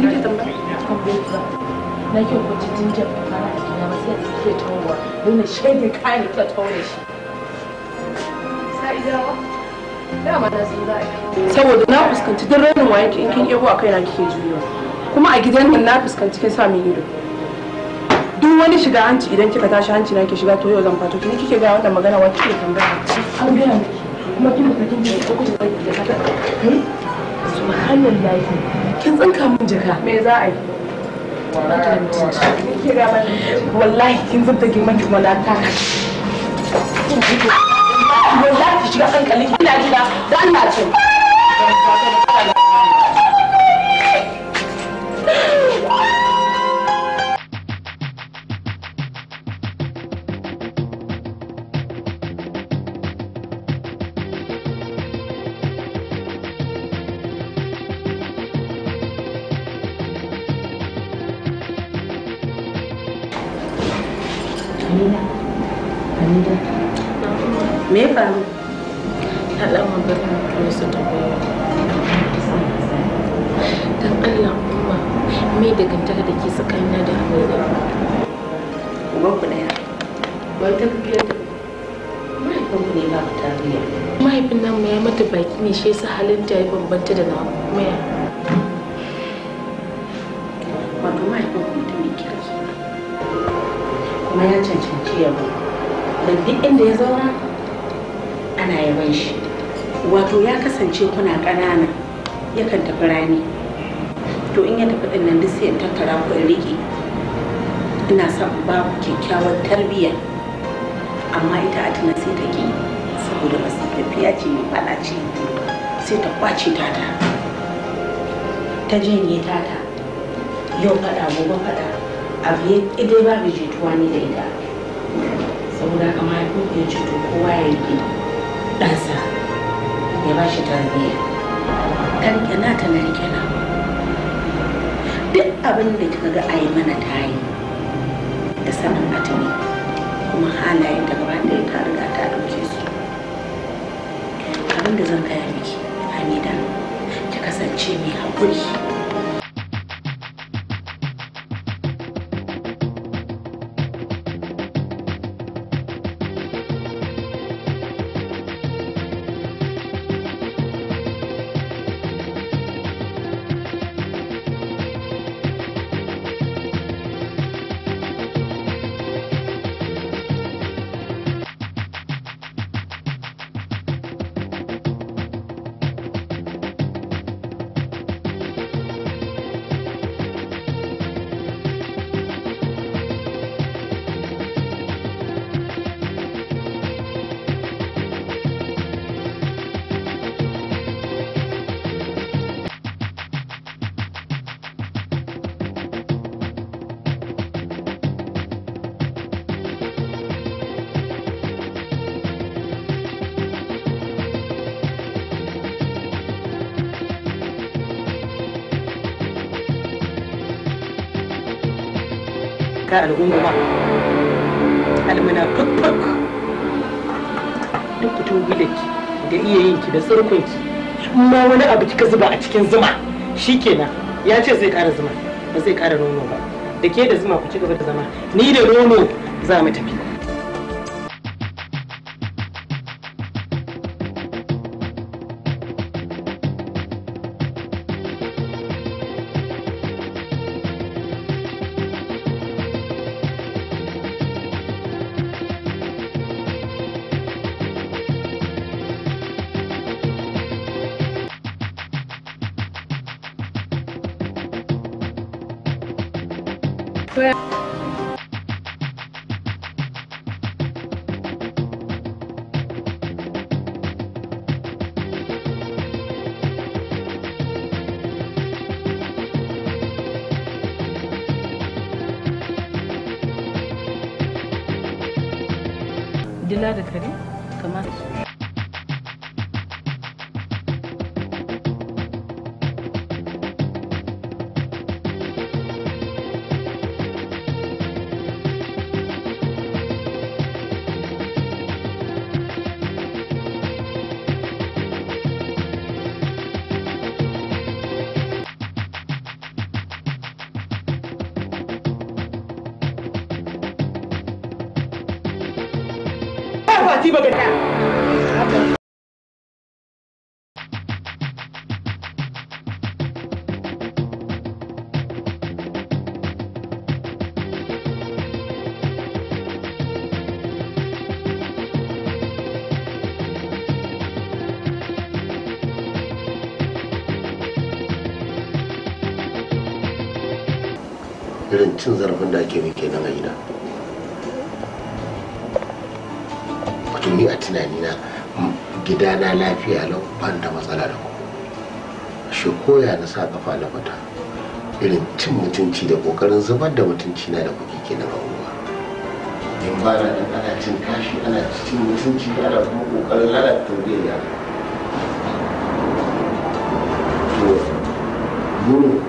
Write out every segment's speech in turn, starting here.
na ke kwanci tun jan a cikin ba sai da ke tawowa kayan ta taure shi dama na sun za saboda na fuskanci duk rainin wayan ki in kin ebo a kaina kike juyo kuma a gidan nan na fuskanci kin sa min ido duk wani shiga hanci idan kika tashi hanci na ke shiga to yau zan fato kin kike ga wannan magana wa kike tambaya an gaya kuma kin fita kin je ko kuka da kaka hmm? subhanallahi tsinka min jaka me za a yi wallahi kin zubta ki wala ta wallahi ki shiga kankalin kina dan na ce Halila, Halila. Me ya faru? Ta ɗan magana Rosa ta bayo. Dan Allah kuma me dangantaka da ke tsakanina da Halila? Uban ku ɗaya. Wai ta biyar da mahaifin ku ne ba ku tarbiyya. Mahaifin nan ya mata baki ne shi yasa halin ta ya bambanta da na maya. kuma ya cancanci yabo da duk inda ya zauna ana yaban shi wato ya kasance kuna ƙanana yakan tafi rani to in ya tafi ɗin nan duk sai tattara ku in riƙe ina son ba ku kyakkyawar tarbiyya amma ita a tunan sai ta ki saboda tafiya ce mai faɗa ce sai ta kwace tata ta janye tata yau faɗa gobe faɗa abu ya dai ba da jituwa ni da ita saboda haka mahaifin ya ce kowa ya yi ɗansa ya ba shi tarbiyya kan kyana ta na rike duk abin da kika ga a yi mana yi da sanin atami kuma halayen da gaba ya ta riga ta ɗauke su abin da zan kaya miki hamida ki kasance mai haƙuri Ka al'umma almina almunafaffak duk kutun gudaki da iya yin ki da ki in ma wani abu kika zuba a cikin zuma shi kenan ya ce zai ƙara zuma ba zai ƙara nono ba da ke da zuma ku ci gaba da zama ni da nono za mu tafi जिला Let's debug it now. irin cin zarafin da ake mai kenan a gida to ni a tunanina gidana lafiya lau ban da matsala da kuma shi koya na sa kafa na fata irin cin mutunci da kokarin zubar da mutunci na da kuke kenan a unguwa in ba na ɗan ana cin kashi ana cin mutunci da kuma kokarin lalata tarbiyya to burin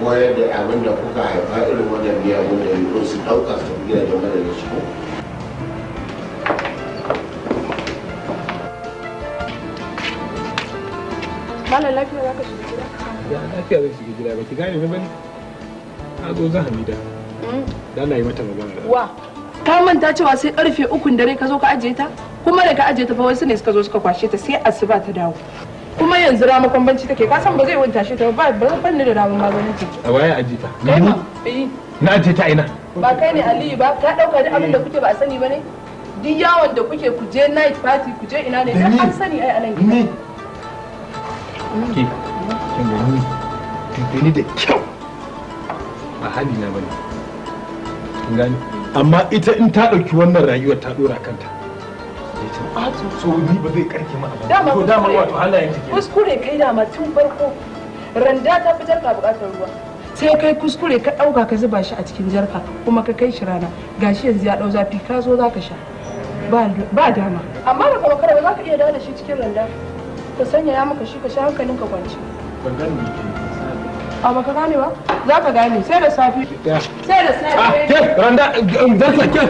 koyar da abin da kuka haifa irin wannan biya mun da yi su dauka su gida da shi Malam lafiya zai shiga gida ba ki gane ba bane. Na zo za Hamida. Hmm? Da na yi mata magana. Wa ka manta cewa sai karfe ukun dare ka zo ka ajiye ta? Kuma da ka ajiye ta fa wasu ne suka zo suka kwashe ta sai asuba ta dawo. kuma yanzu rama kwambanci take ka san ba zai wanta shi ta ba ba zan fanni da rama maganin ciki a waye aji ta kai ma eh. na aji ta ina ba kai ne aliyu ba ka dauka da abin da kuke ba a sani ba ne duk yawon da kuke kuje night party kuje ina ne an sani ai anan gida ke kin gani kin da kyau ba hali na bane kin amma ita in ta ɗauki wannan rayuwar ta ɗora kanta so ni ba zai karke ma ba dama to dama wato halayen take kuskure kai dama tun farko randa ta fitar ka bukatar ruwa sai kai kuskure ka dauka ka zuba shi a cikin jarka kuma ka kai shi rana gashi yanzu ya dau zafi ka zo zaka sha ba dama amma da kuma kada ba za ka iya dawo shi cikin randa ka sanyaya maka shi ka sha hankalin ka kwance ban gane me a baka gane ba za ka gane sai da safi sai da safi ah, ke randa zarta eh, sake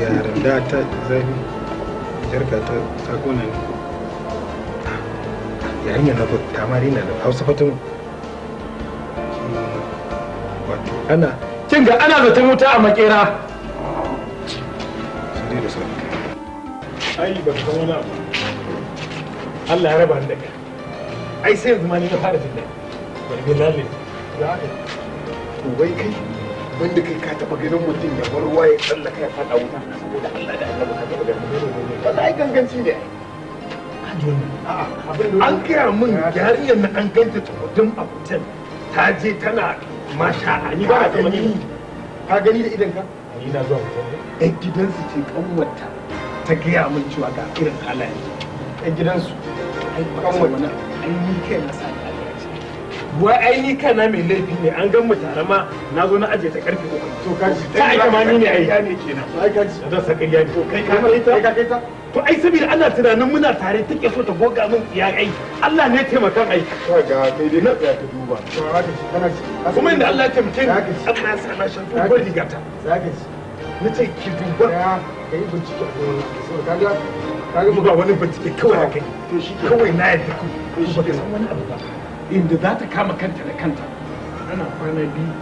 ya randa ta zafi jarka ta ta gona ne yarinya na ta marina da hausa fatan wato ana kinga ga ana zaton wuta a makera sai da safi shayi ba ka wani abu Allah ya raba ni da kai ai sai yanzu ma ni na fara jin daɗi wani bin lalle za ka wai kai wanda kai ka taɓa ganin mutum ya bar ruwa ya tsallaka ya faɗa wuta saboda Allah da Allah ka taɓa ganin mutum ba za a yi ganganci ne an gaya min yarinyar na an ganta tukutun a hotel ta je tana masha a ni ba a gani ka gani da idan ka ni na zuwa hotel ɗan gidansu ce wata. ta gaya min cewa ga irin halayen ɗan gidansu kan wani ainihin kai na sa wai ni kana mai laifi ne an gan mu tare ma na zo na aje ta karfe uku to ka ji ta aika mani ne ai ne kenan ai ka ji da saka ya to kai ka kai ta kai ka kai to ai saboda ana tunanin muna tare take so ta goga min ya ai Allah ne taimakan ai to ga kai dai na ta duba to haka shi kana shi kuma inda Allah ya taimake ni Allah ya sa na shan ko digata ta zaka shi na ce ki duba ya ka yi bincike a gona eh, saboda kaga kaga mu ga wani bincike kawai a kai kawai na yadda ku ba ka san wani abu ba inda za ta kama kanta da kanta ana kwana biyu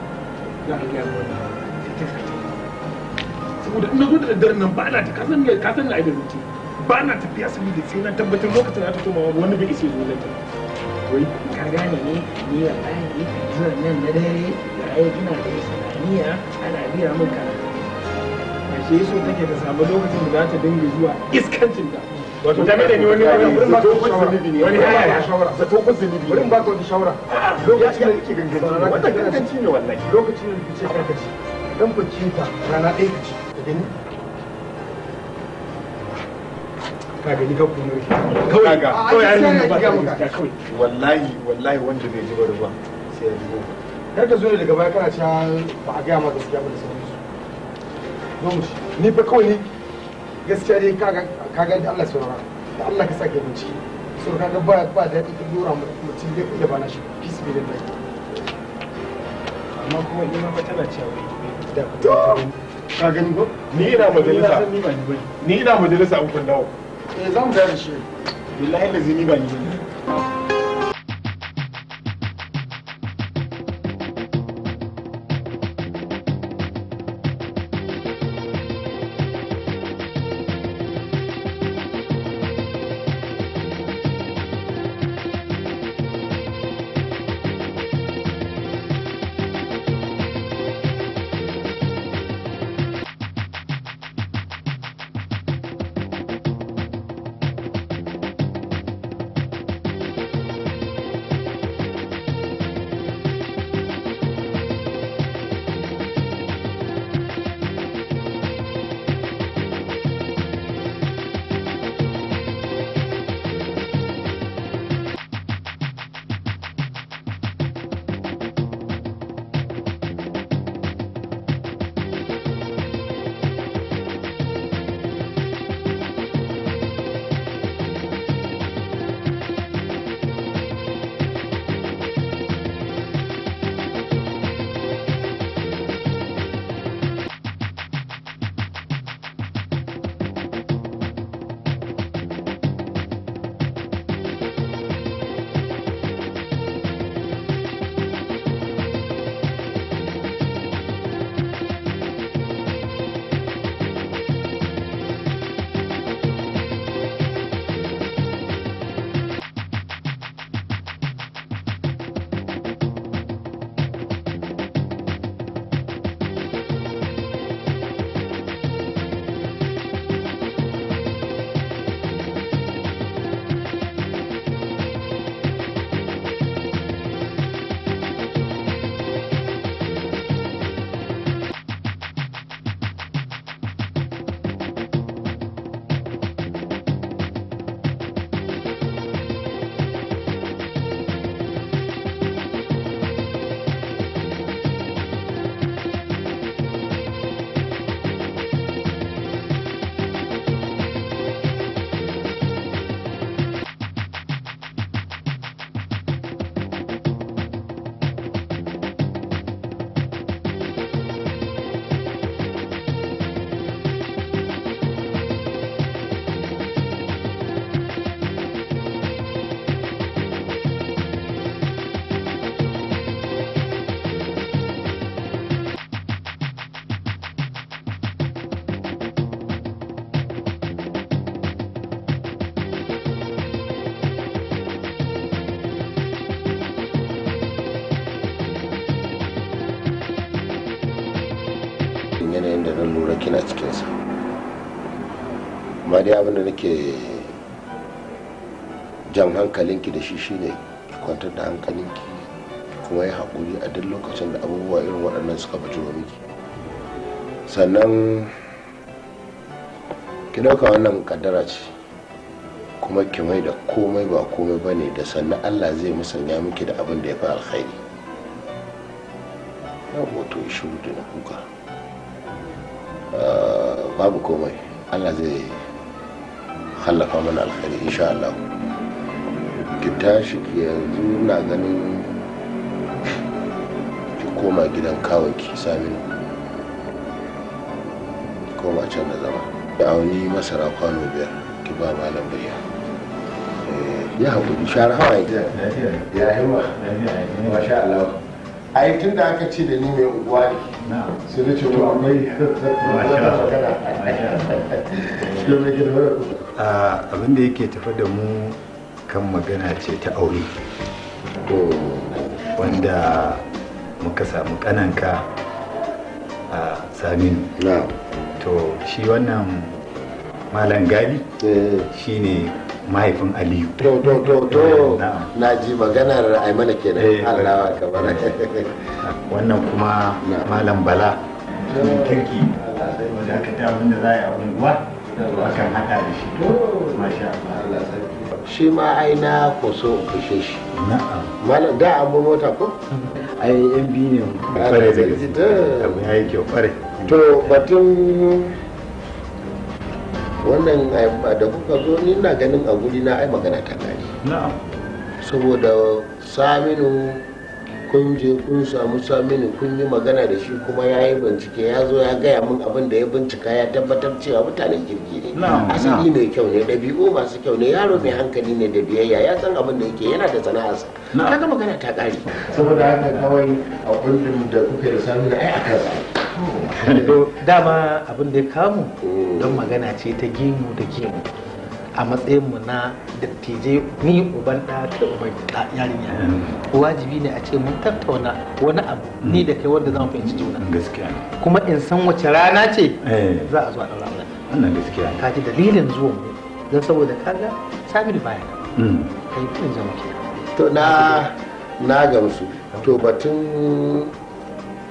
za a gyara wannan saboda ina zo da daddare nan ba na ta kasan ga kasan na da zuci ba na tafiya sani da sai na tabbatar lokacin da ta koma wani bai isa zo zai wai ka gane ne ni wallahi zuwa nan na dare da ai kina da islamiyya ana biya min karatu yi so take ta samu lokacin da za ta dinga zuwa iskancinta wato ta da ni wani wani wurin ba ka wani zunubi ne wani yaya ya shawara da tokun zunubi wurin ba ka wani shawara lokacin da kike ganganci wannan ganganci ne wallahi lokacin da kike karkaci dan bacci ta rana ɗaya kace da gani ka ka kuma kawai kawai an nan ba ka kawai wallahi wallahi wanda bai ji ba sai ya ji kar ka zo daga baya kana cewa ba a gaya ma gaskiya ba da ni fa kawai ni gaskiya ne ka ga Allah saurara da Allah ka sake mun ciki so ka ga ba ba da ita dora mutum zai iya bana shi peace be lillahi amma kuma ina ba tana cewa da ka gani ko ni ina majalisa ni ina majalisa ukun dawo eh zamu ga shi billahi lazimi ba ni yanayin da na lura kina cikinsa amma dai abin da nake jan hankalinki da shi shine kwantar da hankalinki kuma ya haƙuri a duk lokacin da abubuwa irin waɗannan suka ba miki sannan ki ɗauka wannan kaddara ce kuma ki mai da komai ba komai ba ne da sannan allah zai musanya miki da abin da ya fi alkhairi na hoto shi da na kuka Eh, babu komai allah zai hallafa mana alkhairi insha Allah ki tashi ki yanzu na ganin ki koma gidan kawai ki sami koma can da zama ya auni masara kwano biyar ki ba malam birya eh, ya haƙuri shara hawa ya ya himma masha Allah a yi tun da aka ce da ni mai unguwa ne sai na ce wa mai abin da yake tafa da mu kan magana ce ta aure wanda muka samu kananka a saminu to shi wannan malam gabi eh. shi ne mahaifin aliyu to to na ji maganar aimana kenan eh, allawa eh. kamar wannan kuma malam bala kirki wanda aka ta abin da za a yi a unguwa akan haɗa da shi masha Allah shi ma ai na koso fushe shi malam da an bu mota ko ai yan biyu ne ah, kware da gaske abu ya yi kyau kware to batun wannan da kuka zo ni na ganin a guri na ai magana ta kare saboda saminu kun je kun samu saminu kun yi magana da shi kuma ya yi bincike ya zo ya gaya min abin da ya bincika ya tabbatar cewa mutanen jirgi ne asali mai kyau ne ɗabi'u masu kyau ne yaro mai hankali ne da biyayya ya san abin da yake yana da sana'arsa kaga magana ta ƙari. saboda haka kawai a kullum da kuke da saminu ai a kansa dama abin da ya kamu mm. don magana ce ta gemu da gemu a matsayin mu na dattijai ni uban da ta uban yarinya mm. wajibi ne a ce mun tattauna wani abu mm. ni da kai wanda zamu fahimci juna gaskiya kuma in san wace rana ce eh. za a zo a ɗaura wannan gaskiya ka ji dalilin zuwan mu don saboda kaga samir baya mm. kai tun zama ke to na na gamsu to batun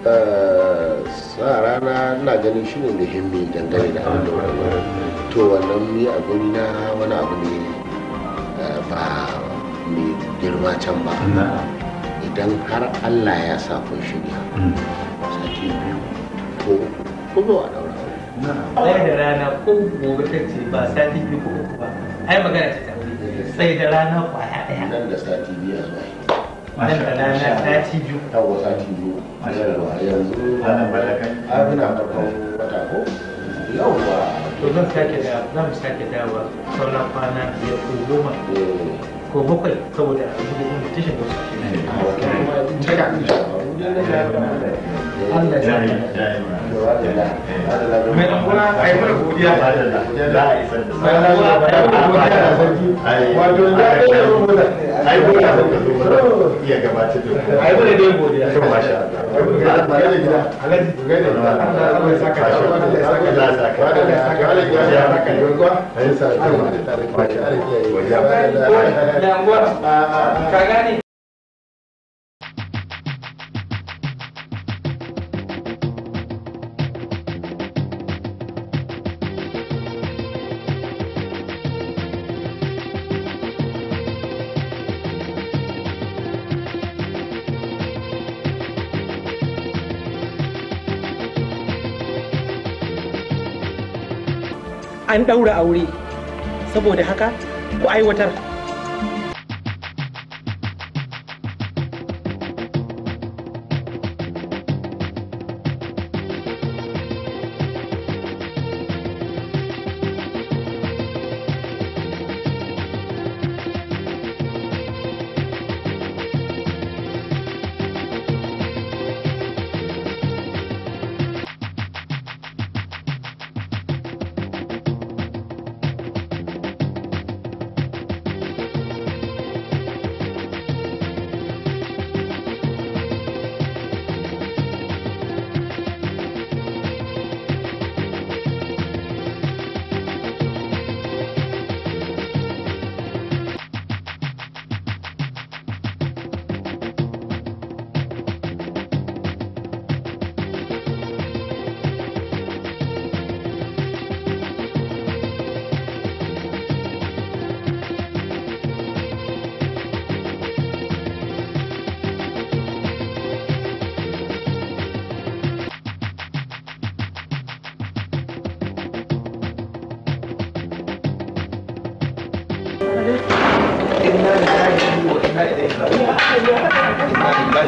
eh, sa rana na ganin shine da himmi dangane da abin da to wannan ni a guri na wani abu ne eh, ba mai girma can ba idan har allah ya sa kun shirya hmm. sati biyu ko ku a daura tsaye da rana ko gobe ta ce ba sati biyu ko ba ai magana ta tafi tsaye da rana kwaya daya nan da sati biyu a zuwa nan da rana sati biyu yawa sati biyu yanzu ana farko wata ko yawwa to zan sake da zan sake dawa sauran kwana biyar ko oh. ko bakwai saboda a cikin mutashin wasu shi ne Allah ya yi mai kuma a yi mana godiya za a isar da sarki wato ya yi da rubuta a yi godiya da rubuta iya gabatar da rubuta a yi mana dai godiya to masha Allah ya gida alaji ga da Allah ya saka shi Allah ya saka Allah ya saka Allah ya saka Allah ya saka yurgwa ya saka Allah ya saka ya gida ya gida ya gida an ɗaura aure saboda haka ku aiwatar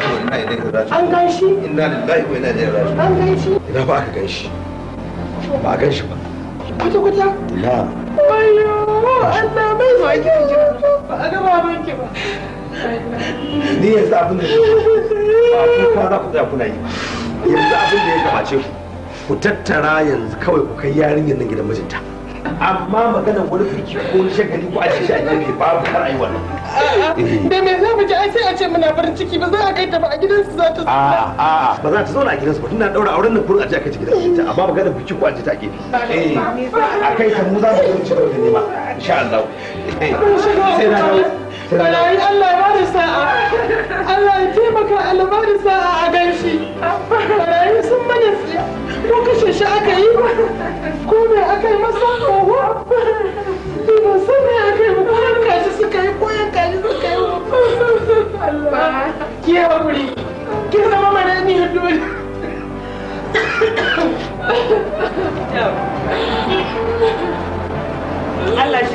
lillahi wa inna ilaihi raji'un an gan shi inna lillahi wa inna ilaihi raji'un an gan shi ina ba aka gan shi ba gan shi ba kwata kwata la wayo Allah mai zuwa ki ba a gaba ban ki ba ni yanzu abin da ba ku ka za ku tsaya kuna yi yanzu abin da ya kamace ku ku tattara yanzu kawai ku kai yarinyar nan gidan mijinta amma maganar wani biki ko shagali ko a cikin shi a gefe babu kar a yi wannan da eh, eh. me za mu ji ai sai a ce muna farin ciki ba za a kai ta ba a gidansu za ta zauna a a ba za ta zauna a gidan su ba tunda daura auren nan kurin a ce a kai ta gidansu amma ba ganin biki ko a ce ta gefe eh a kai ta mu za mu ci gaba da nema insha Allah eh, sai na dawo Balayi Allah ya bada sa'a, Allah ya taimaka Allah sa'a a gan shi. Balayi sun mana siya, ko kashe shi aka yi ko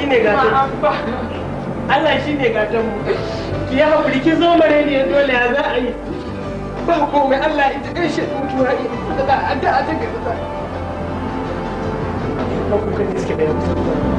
shi ne gatan Allah shi ne gatan mu ki ya haƙuri ki zo mare ne dole ya za a yi ba komai Allah ita kai shi mutuwa ne da addu'a ta ta kuka ne suke da